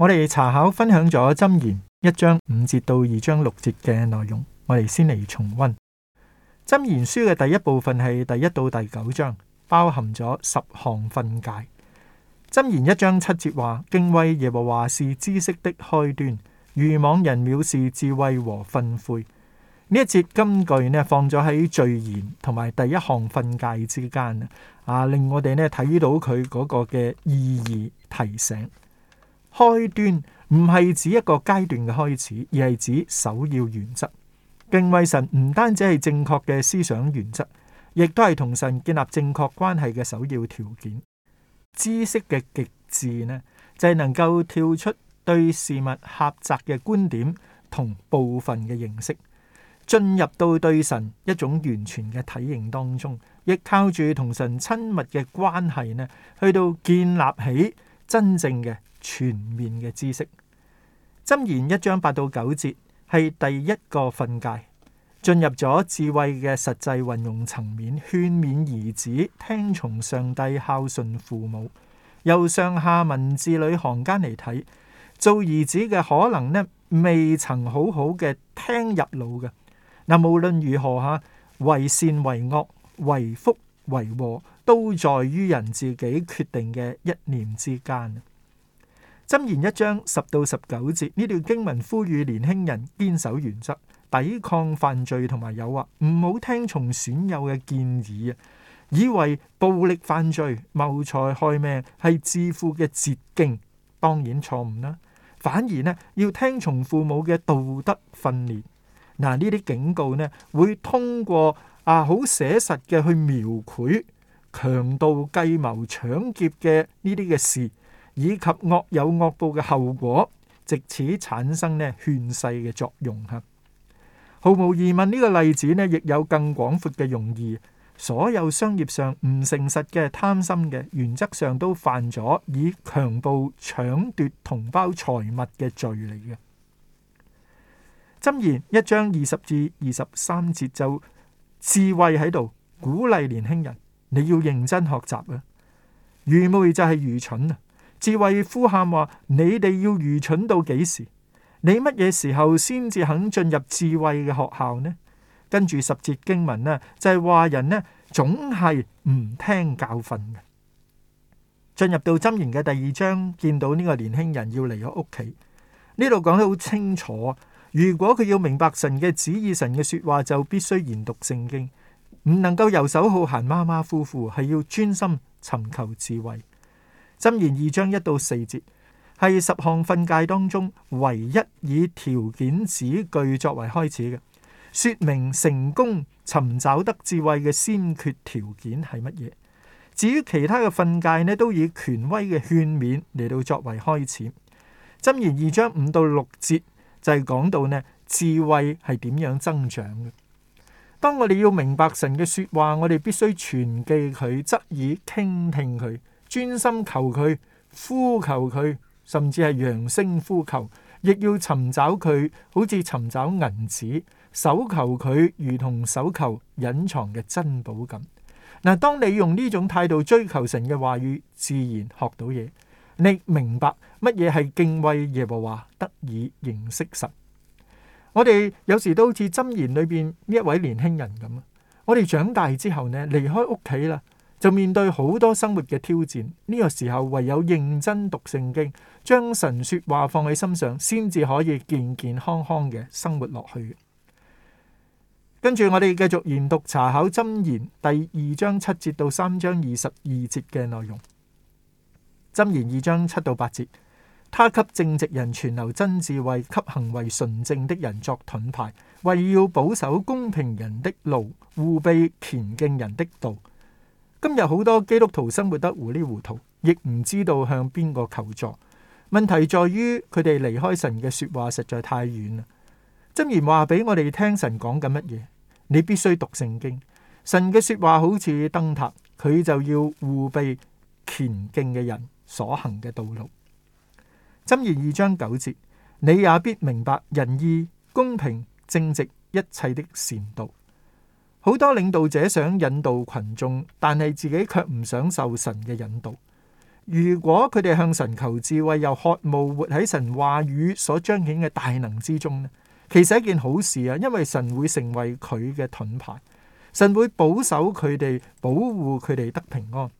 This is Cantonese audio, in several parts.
我哋查考分享咗《箴言》一章五節到二章六節嘅內容，我哋先嚟重温《箴言》書嘅第一部分係第一到第九章，包含咗十項訓誡。《箴言》一章七節話：敬畏耶和華是知識的開端，愚妄人藐視智慧和訓誨。呢一節金句呢，放咗喺序言同埋第一項訓誡之間啊，令我哋呢睇到佢嗰個嘅意義提醒。開端唔係指一個階段嘅開始，而係指首要原則。敬畏神唔單止係正確嘅思想原則，亦都係同神建立正確關係嘅首要條件。知識嘅極致呢，就係能夠跳出對事物狹窄嘅觀點同部分嘅認識，進入到對神一種完全嘅體型當中。亦靠住同神親密嘅關係呢，去到建立起真正嘅。全面嘅知識。箴言，一章八到九節，係第一個訓誡，進入咗智慧嘅實際運用層面，勸勉兒子聽從上帝，孝順父母。由上下文字裡行間嚟睇，做兒子嘅可能呢未曾好好嘅聽入腦嘅。嗱，無論如何吓，為善為惡，為福為禍，都在於人自己決定嘅一念之間。箴言一章十到十九節呢段經文呼籲年輕人堅守原則，抵抗犯罪同埋誘惑，唔好聽從損友嘅建議啊！以為暴力犯罪、謀財害命係致富嘅捷徑，當然錯誤啦。反而呢，要聽從父母嘅道德訓練。嗱呢啲警告呢，會通過啊好寫實嘅去描繪強盜計謀、搶劫嘅呢啲嘅事。以及惡有惡報嘅後果，藉此產生咧勸世嘅作用。吓，毫無疑問呢，這個例子咧，亦有更廣闊嘅用意。所有商業上唔誠實嘅、貪心嘅，原則上都犯咗以強暴搶奪同胞財物嘅罪嚟嘅。箴言一章二十至二十三節就，智慧喺度鼓勵年輕人，你要認真學習啊！愚昧就係愚蠢啊！智慧呼喊話：你哋要愚蠢到幾時？你乜嘢時候先至肯進入智慧嘅學校呢？跟住十節經文呢，就係、是、話人呢總係唔聽教訓嘅。進入到箴言嘅第二章，見到呢個年輕人要離開屋企，呢度講得好清楚。如果佢要明白神嘅旨意、神嘅說話，就必須研讀聖經，唔能夠遊手好閒、馬馬虎虎，係要專心尋求智慧。箴言二章一到四節係十項訓誡當中唯一以條件子句作為開始嘅，說明成功尋找得智慧嘅先決條件係乜嘢。至於其他嘅訓誡呢，都以權威嘅勸勉嚟到作為開始。箴言二章五到六節就係講到呢：智慧係點樣增長嘅。當我哋要明白神嘅說話，我哋必須存記佢，側耳傾聽佢。專心求佢，呼求佢，甚至係揚聲呼求，亦要尋找佢，好似尋找銀子，搜求佢如同搜求隱藏嘅珍寶咁。嗱，當你用呢種態度追求神嘅話語，自然學到嘢，你明白乜嘢係敬畏耶和華，得以認識神。我哋有時都好似箴言裏邊呢一位年輕人咁啊！我哋長大之後呢，離開屋企啦。就面對好多生活嘅挑戰，呢個時候唯有認真讀聖經，將神説話放喺心上，先至可以健健康康嘅生活落去。跟住我哋繼續研讀查考箴言第二章七節到三章二十二節嘅內容。箴言二章七到八節，他給正直人存留真智慧，給行為純正的人作盾牌，為要保守公平人的路，護庇虔敬人的道。今日好多基督徒生活得糊裡糊塗，亦唔知道向邊個求助。問題在於佢哋離開神嘅說話實在太遠啦。箴言話俾我哋聽，神講緊乜嘢？你必須讀聖經。神嘅說話好似燈塔，佢就要護備前進嘅人所行嘅道路。箴言二章九節，你也必明白仁義、公平、正直一切的善道。好多領導者想引導群眾，但係自己卻唔想受神嘅引導。如果佢哋向神求智慧，又渴慕活喺神話語所彰顯嘅大能之中呢？其實係一件好事啊，因為神會成為佢嘅盾牌，神會保守佢哋，保護佢哋得平安。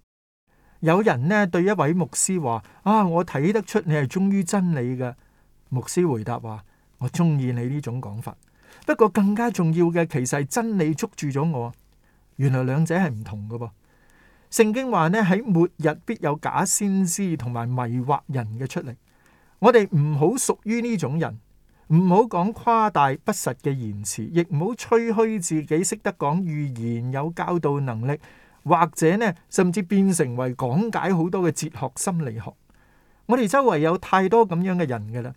有人呢對一位牧師話：啊，我睇得出你係忠於真理嘅。牧師回答話：我中意你呢種講法。不過更加重要嘅，其實係真理捉住咗我。原來兩者係唔同嘅。聖經話呢，喺末日必有假先知同埋迷惑人嘅出嚟。我哋唔好屬於呢種人，唔好講誇大不實嘅言辭，亦唔好吹噓自己識得講預言、有教導能力，或者呢，甚至變成為講解好多嘅哲學、心理學。我哋周圍有太多咁樣嘅人嘅啦。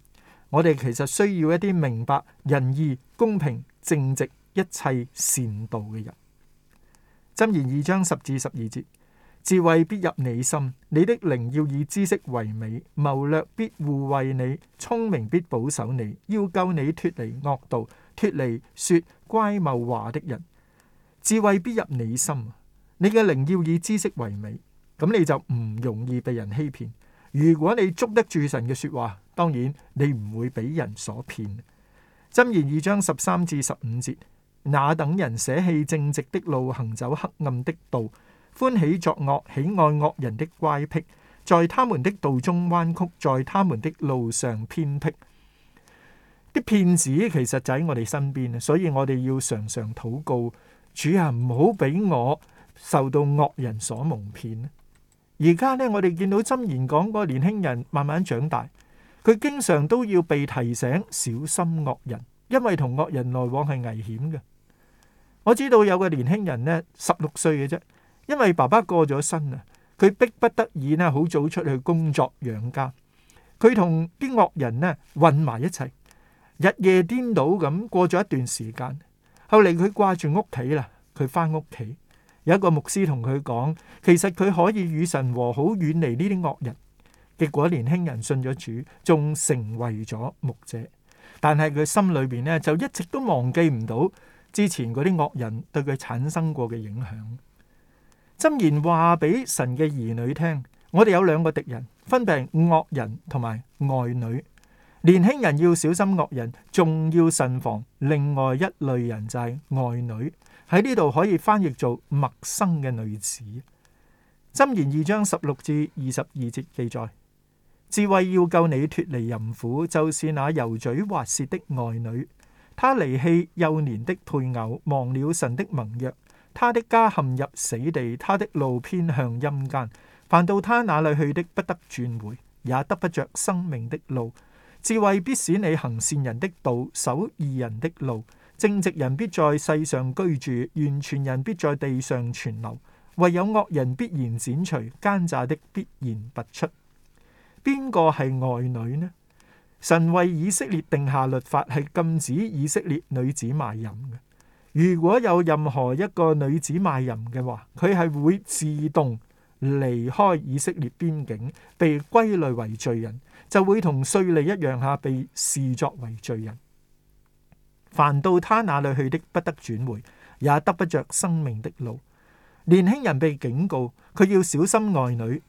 我哋其實需要一啲明白仁義、公平、正直、一切善道嘅人。箴言二章十至十二節：智慧必入你心，你的靈要以知識為美。謀略必護衛你，聰明必保守你。要救你脱離惡道，脱離說乖謬話的人。智慧必入你心，你嘅靈要以知識為美，咁你就唔容易被人欺騙。如果你捉得住神嘅說話，當然你唔會俾人所騙。箴言二章十三至十五節，那等人捨棄正直的路，行走黑暗的道，歡喜作惡，喜愛惡人的乖僻，在他們的道中彎曲，在他們的路上偏僻。啲騙子其實就喺我哋身邊，所以我哋要常常禱告主啊，唔好俾我受到惡人所蒙騙。而家呢，我哋見到《箴言》講嗰個年輕人慢慢長大，佢經常都要被提醒小心惡人，因為同惡人來往係危險嘅。我知道有個年輕人呢，十六歲嘅啫，因為爸爸過咗身啊，佢逼不得已呢，好早出去工作養家，佢同啲惡人呢混埋一齊，日夜顛倒咁過咗一段時間，後嚟佢掛住屋企啦，佢翻屋企。有一個牧師同佢講，其實佢可以與神和好，遠離呢啲惡人。結果年輕人信咗主，仲成為咗牧者，但係佢心裏邊呢就一直都忘記唔到之前嗰啲惡人對佢產生過嘅影響。箴言話俾神嘅兒女聽：我哋有兩個敵人，分別係惡人同埋外女。年輕人要小心惡人，仲要慎防另外一類人就係外女。喺呢度可以翻譯做陌生嘅女子。箴言二章十六至二十二節記載：智慧要救你脫離淫婦，就是那油嘴滑舌的外女。她離棄幼年的配偶，忘了神的盟約。她的家陷入死地，她的路偏向陰間。凡到她那裏去的，不得轉回，也得不着生命的路。智慧必使你行善人的道，守義人的路。正直人必在世上居住，完全人必在地上存留。唯有惡人必然剪除，奸詐的必然拔出。邊個係外女呢？神為以色列定下律法，係禁止以色列女子賣淫嘅。如果有任何一個女子賣淫嘅話，佢係會自動離開以色列邊境，被歸類為罪人，就會同稅吏一樣下，被視作為罪人。凡到他那裏去的，不得轉回，也得不着生命的路。年輕人被警告，佢要小心外女。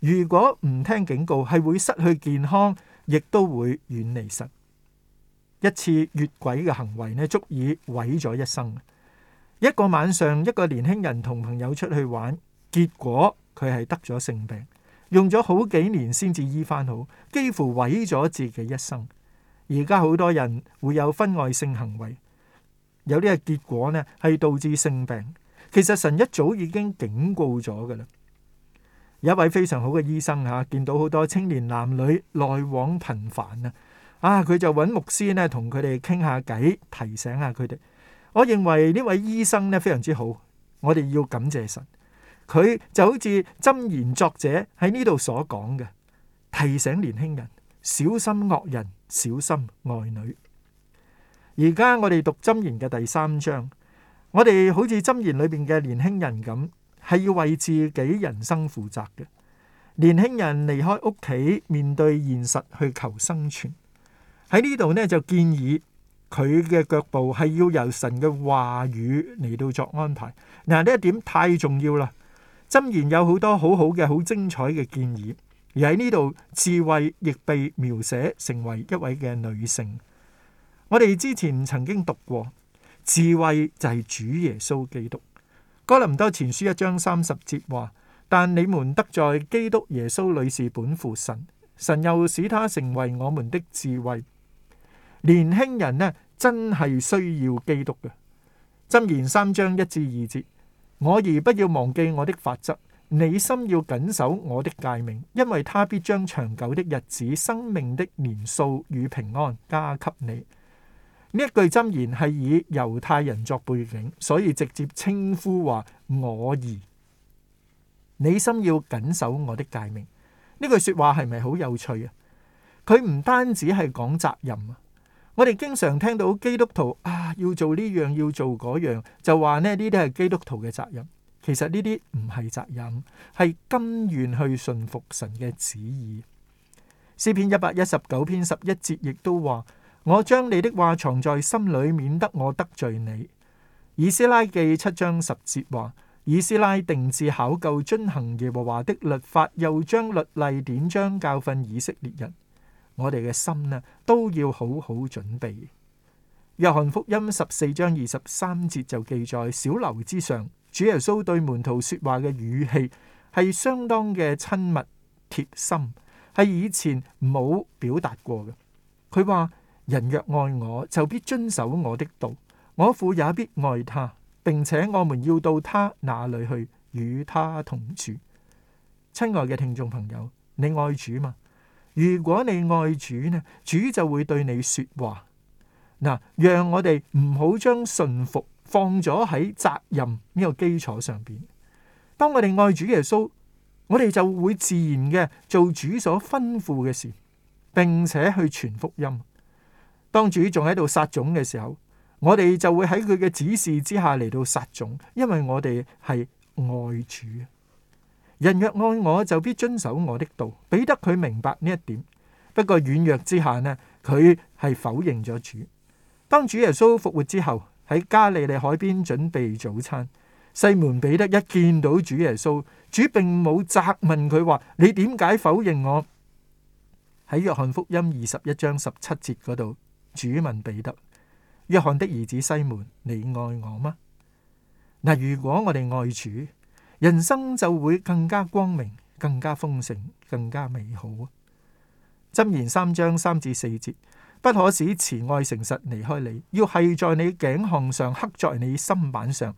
如果唔聽警告，係會失去健康，亦都會遠離神。一次越軌嘅行為呢，足以毀咗一生。一個晚上，一個年輕人同朋友出去玩，結果佢係得咗性病，用咗好幾年先至醫翻好，幾乎毀咗自己一生。而家好多人會有婚外性行為，有啲係結果呢，係導致性病。其實神一早已經警告咗㗎喇。有一位非常好嘅醫生嚇、啊，見到好多青年男女來往頻繁啊，啊，佢就揾牧師咧，同佢哋傾下偈，提醒下佢哋。我認為呢位醫生咧非常之好，我哋要感謝神。佢就好似箴言作者喺呢度所講嘅，提醒年輕人小心惡人。小心愛女。而家我哋讀箴言嘅第三章，我哋好似箴言裏邊嘅年輕人咁，係要為自己人生負責嘅。年輕人離開屋企，面對現實去求生存。喺呢度呢，就建議佢嘅腳步係要由神嘅話語嚟到作安排。嗱、啊，呢一點太重要啦！箴言有好多好好嘅、好精彩嘅建議。而喺呢度，智慧亦被描寫成為一位嘅女性。我哋之前曾經讀過，智慧就係主耶穌基督。哥林多前書一章三十節話：但你們得在基督耶穌裏是本乎神，神又使他成為我們的智慧。年輕人呢，真係需要基督嘅。箴言三章一至二節：我兒，不要忘記我的法則。你心要謹守我的誡命，因為他必將長久的日子、生命的年數與平安加給你。呢一句箴言係以猶太人作背景，所以直接稱呼話我兒，你心要謹守我的誡命。呢句說話係咪好有趣啊？佢唔單止係講責任啊，我哋經常聽到基督徒啊要做呢樣要做嗰樣，就話呢呢啲係基督徒嘅責任。其實呢啲唔係責任，係甘願去順服神嘅旨意。詩篇一百一十九篇十一節亦都話：我將你的話藏在心裏，免得我得罪你。以斯拉記七章十節話：以斯拉定志考究遵行耶和華的律法，又將律例典章教訓以色列人。我哋嘅心呢，都要好好準備。約翰福音十四章二十三節就記載，小樓之上，主耶穌對門徒說話嘅語氣係相當嘅親密貼心，係以前冇表達過嘅。佢話：人若愛我，就必遵守我的道；我父也必愛他，並且我們要到他那裏去，與他同住。親愛嘅聽眾朋友，你愛主嗎？如果你愛主呢，主就會對你說話。嗱，讓我哋唔好將信服放咗喺責任呢個基礎上邊，當我哋愛主耶穌，我哋就會自然嘅做主所吩咐嘅事，並且去傳福音。當主仲喺度撒種嘅時候，我哋就會喺佢嘅指示之下嚟到撒種，因為我哋係愛主。人若愛我，就必遵守我的道，俾得佢明白呢一點。不過軟弱之下呢，佢係否認咗主。當主耶穌復活之後，喺加利利海邊準備早餐，西門彼得一見到主耶穌，主並冇責問佢話你點解否認我？喺約翰福音二十一章十七節嗰度，主問彼得：約翰的兒子西門，你愛我嗎？嗱，如果我哋愛主，人生就會更加光明、更加豐盛、更加美好啊！箴言三章三至四節。不可使慈愛誠實離開你，要繫在你頸項上，刻在你心板上，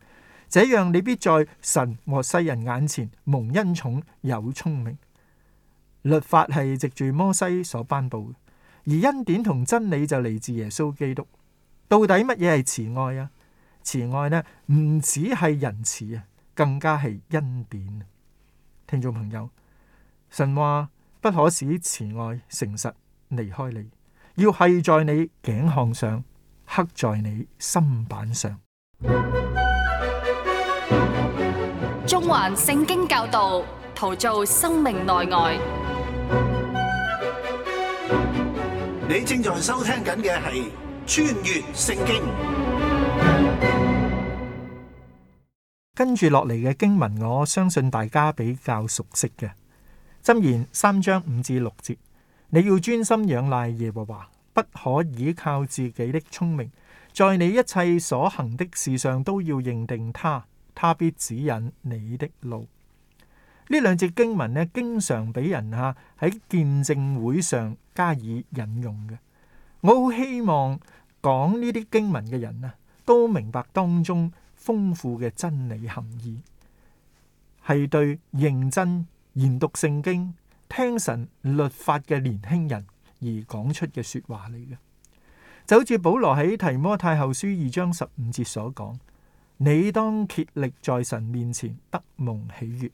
這樣你必在神和世人眼前蒙恩寵有聰明。律法係藉住摩西所頒布，而恩典同真理就嚟自耶穌基督。到底乜嘢係慈愛啊？慈愛呢唔只係仁慈啊，更加係恩典。聽眾朋友，神話不可使慈愛誠實離開你。要係在你頸項上，刻在你心板上。中環聖經教導，陶造生命內外。你正在收聽緊嘅係穿越聖經。跟住落嚟嘅經文，我相信大家比較熟悉嘅，箴言三章五至六節。你要專心仰賴耶和華，不可倚靠自己的聰明，在你一切所行的事上都要認定他，他必指引你的路。呢兩節經文呢，經常俾人吓喺見證會上加以引用嘅。我好希望講呢啲經文嘅人呢，都明白當中豐富嘅真理含義，係對認真研讀聖經聽神律法嘅年輕人而講出嘅說話嚟嘅，就好似保羅喺提摩太後書二章十五節所講： 你當竭力在神面前得蒙喜悅，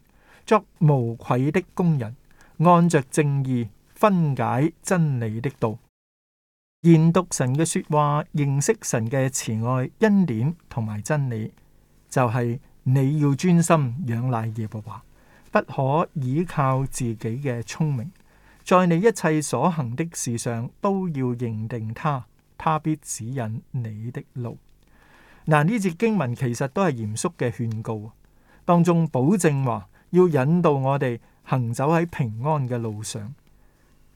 作無愧的工人，按着正義分解真理的道，研讀神嘅說話，認識神嘅慈愛、恩典同埋真理，就係、是、你要專心仰賴耶和華。不可倚靠自己嘅聰明，在你一切所行的事上都要認定他，他必指引你的路。嗱、啊，呢節經文其實都係嚴肅嘅勸告，當中保證話要引導我哋行走喺平安嘅路上。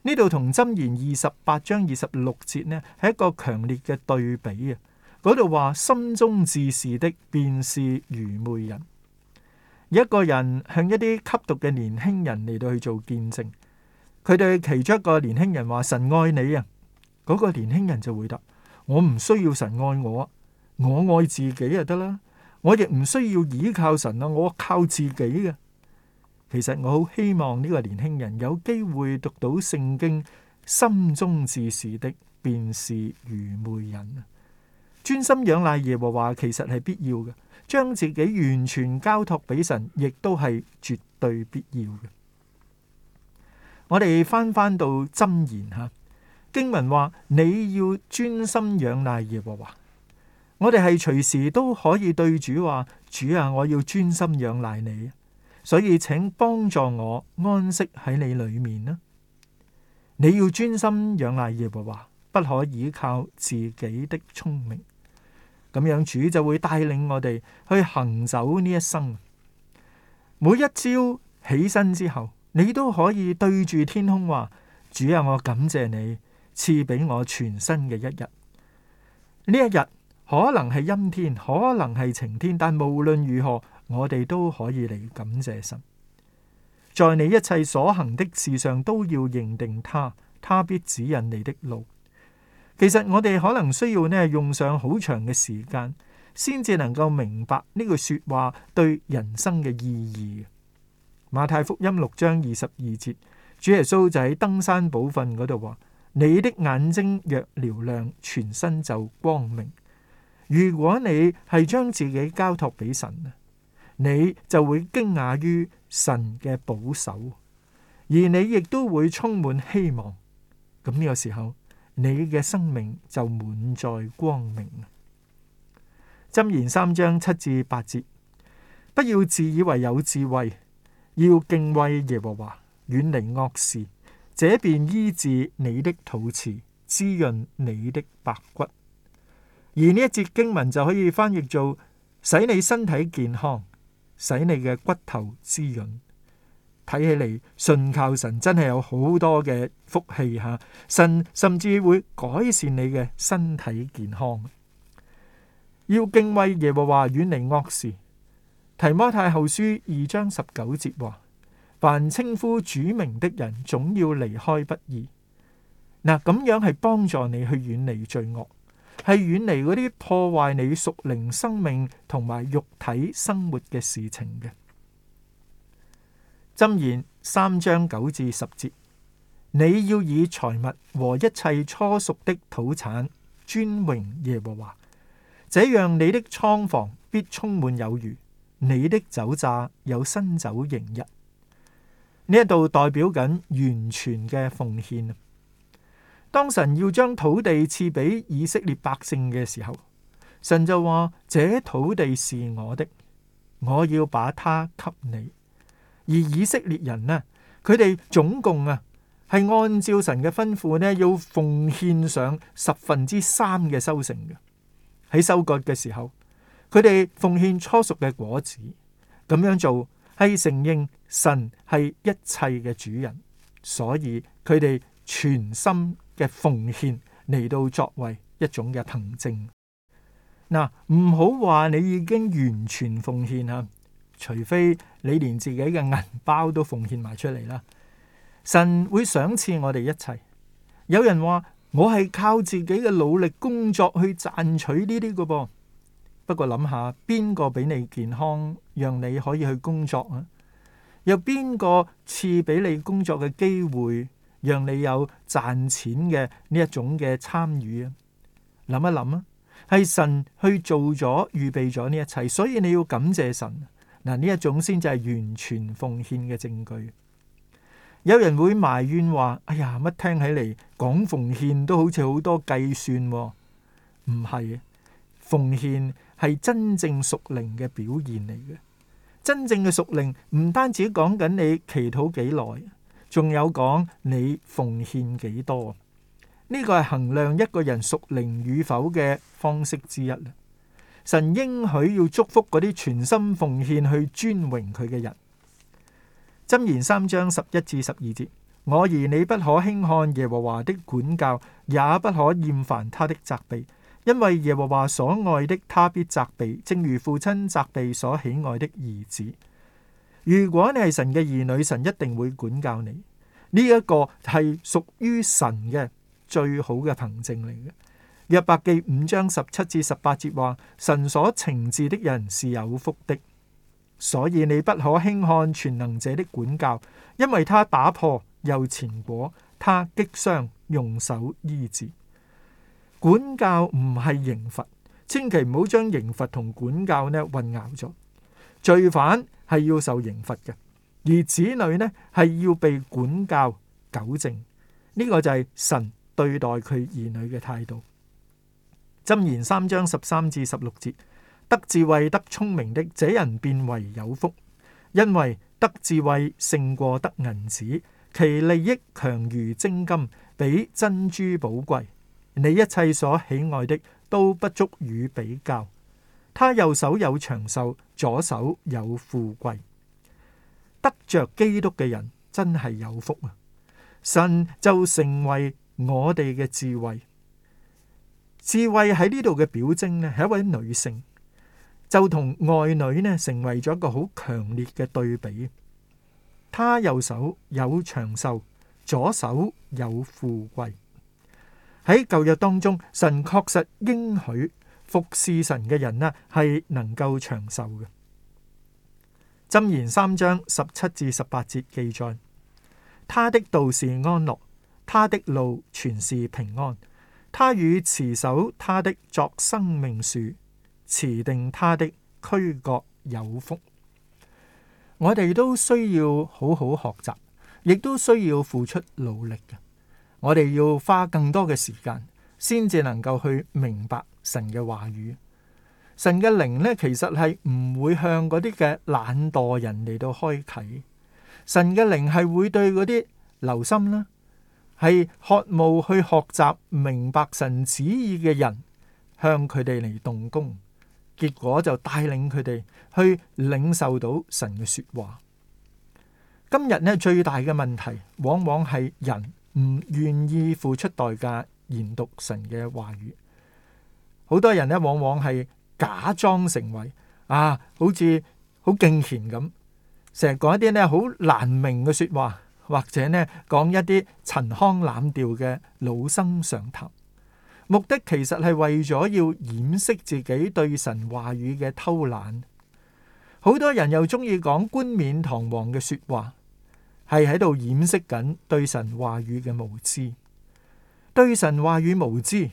呢度同箴言二十八章二十六節呢，係一個強烈嘅對比啊！嗰度話心中自是的，便是愚昧人。一個人向一啲吸毒嘅年輕人嚟到去做見證，佢對其中一個年輕人話：神愛你啊！嗰個年輕人就回答：我唔需要神愛我，我愛自己就得啦，我亦唔需要依靠神啊，我靠自己嘅。其實我好希望呢個年輕人有機會讀到聖經，心中自是的，便是愚昧人啊，專心仰賴耶和華其實係必要嘅。將自己完全交託俾神，亦都係絕對必要嘅。我哋翻翻到箴言吓，經文話你要專心仰賴耶和華。我哋係隨時都可以對主話：主啊，我要專心仰賴你，所以請幫助我安息喺你裏面啦。你要專心仰賴耶和華，不可依靠自己的聰明。咁樣主就會帶領我哋去行走呢一生。每一朝起身之後，你都可以對住天空話：主啊，我感謝你賜俾我全新嘅一日。呢一日可能係陰天，可能係晴天，但無論如何，我哋都可以嚟感謝神。在你一切所行的事上，都要認定他，他必指引你的路。其實我哋可能需要呢用上好長嘅時間，先至能夠明白呢句說話對人生嘅意義。馬太福音六章二十二節，主耶穌就喺登山寶訓嗰度話：「你的眼睛若瞭亮，全身就光明。如果你係將自己交託俾神，你就會驚訝於神嘅保守，而你亦都會充滿希望。咁呢個時候，你嘅生命就滿載光明。箴言三章七至八節，不要自以為有智慧，要敬畏耶和華，遠離惡事，這便醫治你的肚臍，滋潤你的百骨。而呢一節經文就可以翻譯做：使你身體健康，使你嘅骨頭滋潤。睇起嚟信靠神真係有好多嘅福氣吓，神甚至會改善你嘅身體健康。要敬畏耶和華，遠離惡事。提摩太後書二章十九節話：凡稱呼主名的人，總要離開不義，嗱，咁樣係幫助你去遠離罪惡，係遠離嗰啲破壞你屬靈生命同埋肉體生活嘅事情嘅。箴言三章九至十節，你要以財物和一切初熟的土產尊榮耶和華，這樣你的倉房必充滿有餘，你的酒榨有新酒盈溢。」呢一度代表緊完全嘅奉獻。當神要將土地賜俾以色列百姓嘅時候，神就話：這土地是我的，我要把它給你。而以色列人呢，佢哋總共啊係按照神嘅吩咐呢，要奉獻上十分之三嘅收成嘅。喺收割嘅時候，佢哋奉獻初熟嘅果子，咁樣做係承認神係一切嘅主人，所以佢哋全心嘅奉獻嚟到作為一種嘅憑證。嗱，唔好話你已經完全奉獻啊！除非你連自己嘅銀包都奉獻埋出嚟啦，神會賞賜我哋一切。有人話我係靠自己嘅努力工作去賺取呢啲嘅噃，不過諗下邊個俾你健康，讓你可以去工作啊？有邊個賜俾你工作嘅機會，讓你有賺錢嘅呢一種嘅參與啊？諗一諗啊，係神去做咗預備咗呢一切，所以你要感謝神。嗱，呢一種先至係完全奉獻嘅證據。有人會埋怨話，哎呀，乜聽起嚟講奉獻都好似好多計算喎，唔係。奉獻係真正屬靈嘅表現嚟嘅。真正嘅屬靈唔單止講緊你祈禱幾耐，仲有講你奉獻幾多。呢個係衡量一個人屬靈與否嘅方式之一。神應許要祝福嗰啲全心奉獻去尊榮佢嘅人。箴言三章十一至十二節：我兒你不可輕看耶和華的管教，也不可厭煩他的責備，因為耶和華所愛的，他必責備，正如父親責備所喜愛的兒子。如果你係神嘅兒女，神一定會管教你。呢、這、一個係屬於神嘅最好嘅憑證嚟嘅。約伯記五章十七至十八節話：神所懲治的人是有福的，所以你不可輕看全能者的管教，因為他打破又前果，他擊傷用手醫治。管教唔係刑罰，千祈唔好將刑罰同管教呢混淆咗。罪犯係要受刑罰嘅，而子女呢係要被管教糾正。呢、呢個就係神對待佢兒女嘅態度。箴言三章十三至十六節：得智慧、得聰明的，這人變為有福，因為得智慧勝過得銀子，其利益強如精金，比珍珠寶貴。你一切所喜愛的都不足與比較。他右手有長壽，左手有富貴。得着基督嘅人真係有福啊！神就成為我哋嘅智慧。智慧喺呢度嘅表徵呢，係一位女性，就同外女呢成為咗一個好強烈嘅對比。她右手有長壽，左手有富貴。喺舊約當中，神確實應許服侍神嘅人，呢，係能夠長壽嘅。箴言三章十七至十八節記載：他的道是安樂，他的路全是平安。他與持守他的作生命樹，持定他的俱各有福。我哋都需要好好學習，亦都需要付出努力嘅。我哋要花更多嘅時間，先至能夠去明白神嘅話語。神嘅靈咧，其實係唔會向嗰啲嘅懶惰人嚟到開啟。神嘅靈係會對嗰啲留心啦。係渴慕去學習明白神旨意嘅人，向佢哋嚟動工，結果就帶領佢哋去領受到神嘅說話。今日呢最大嘅問題，往往係人唔願意付出代價研讀神嘅話語。好多人呢，往往係假裝成為啊，好似好敬虔咁，成日講一啲呢好難明嘅說話。或者呢，講一啲陳腔濫調嘅老生常談，目的其實係為咗要掩飾自己對神話語嘅偷懶。好多人又中意講冠冕堂皇嘅說話，係喺度掩飾緊對神話語嘅無知。對神話語無知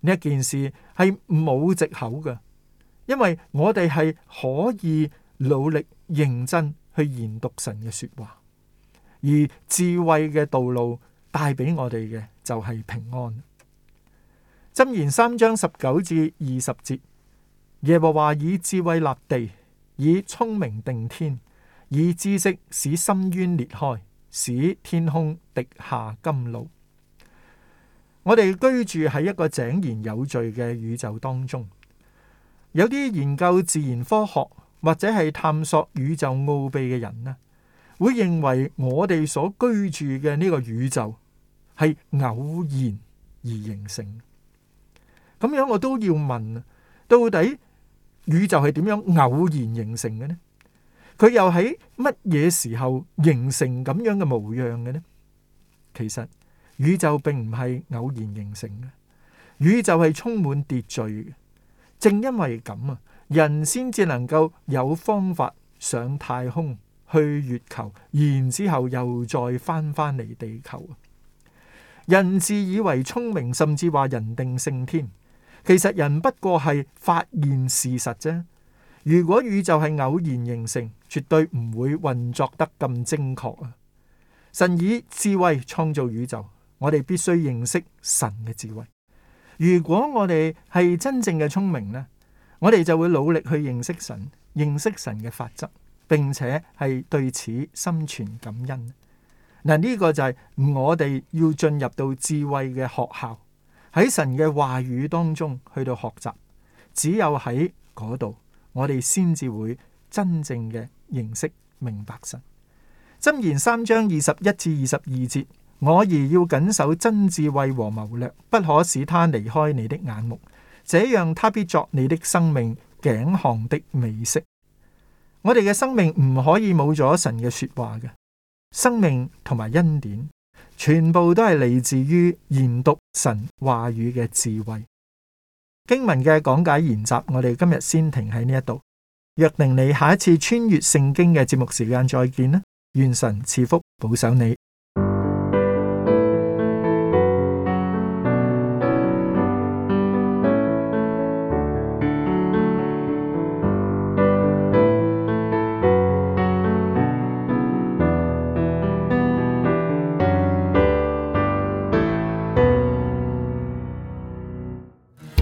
呢一件事係冇藉口㗎，因為我哋係可以努力認真去研讀神嘅說話。而智慧嘅道路帶俾我哋嘅就係、是、平安。箴言三章十九至二十節，耶和華以智慧立地，以聰明定天，以知識使深淵裂開，使天空滴下甘露。我哋居住喺一個井然有序嘅宇宙當中，有啲研究自然科學或者係探索宇宙奧秘嘅人呢，會認為我哋所居住嘅呢個宇宙係偶然而形成，咁樣我都要問，到底宇宙係點樣偶然形成嘅呢？佢又喺乜嘢時候形成咁樣嘅模樣嘅呢？其實宇宙並唔係偶然形成嘅，宇宙係充滿秩序嘅。正因為咁啊，人先至能夠有方法上太空。去月球，然之後又再翻返嚟地球。人自以為聰明，甚至話人定勝天。其實人不過係發現事實啫。如果宇宙係偶然形成，絕對唔會運作得咁精確啊！神以智慧創造宇宙，我哋必須認識神嘅智慧。如果我哋係真正嘅聰明呢，我哋就會努力去認識神，認識神嘅法則。並且係對此心存感恩。嗱，呢個就係我哋要進入到智慧嘅學校，喺神嘅話語當中去到學習。只有喺嗰度，我哋先至會真正嘅認識明白神。箴言三章二十一至二十二節：我兒要謹守真智慧和謀略，不可使他離開你的眼目，這樣他必作你的生命頸項的美色。」我哋嘅生命唔可以冇咗神嘅說話嘅，生命同埋恩典全部都係嚟自於研讀神話語嘅智慧。經文嘅講解研習，我哋今日先停喺呢一度，約定你下一次穿越聖經嘅節目時間再見啦，願神賜福保守你。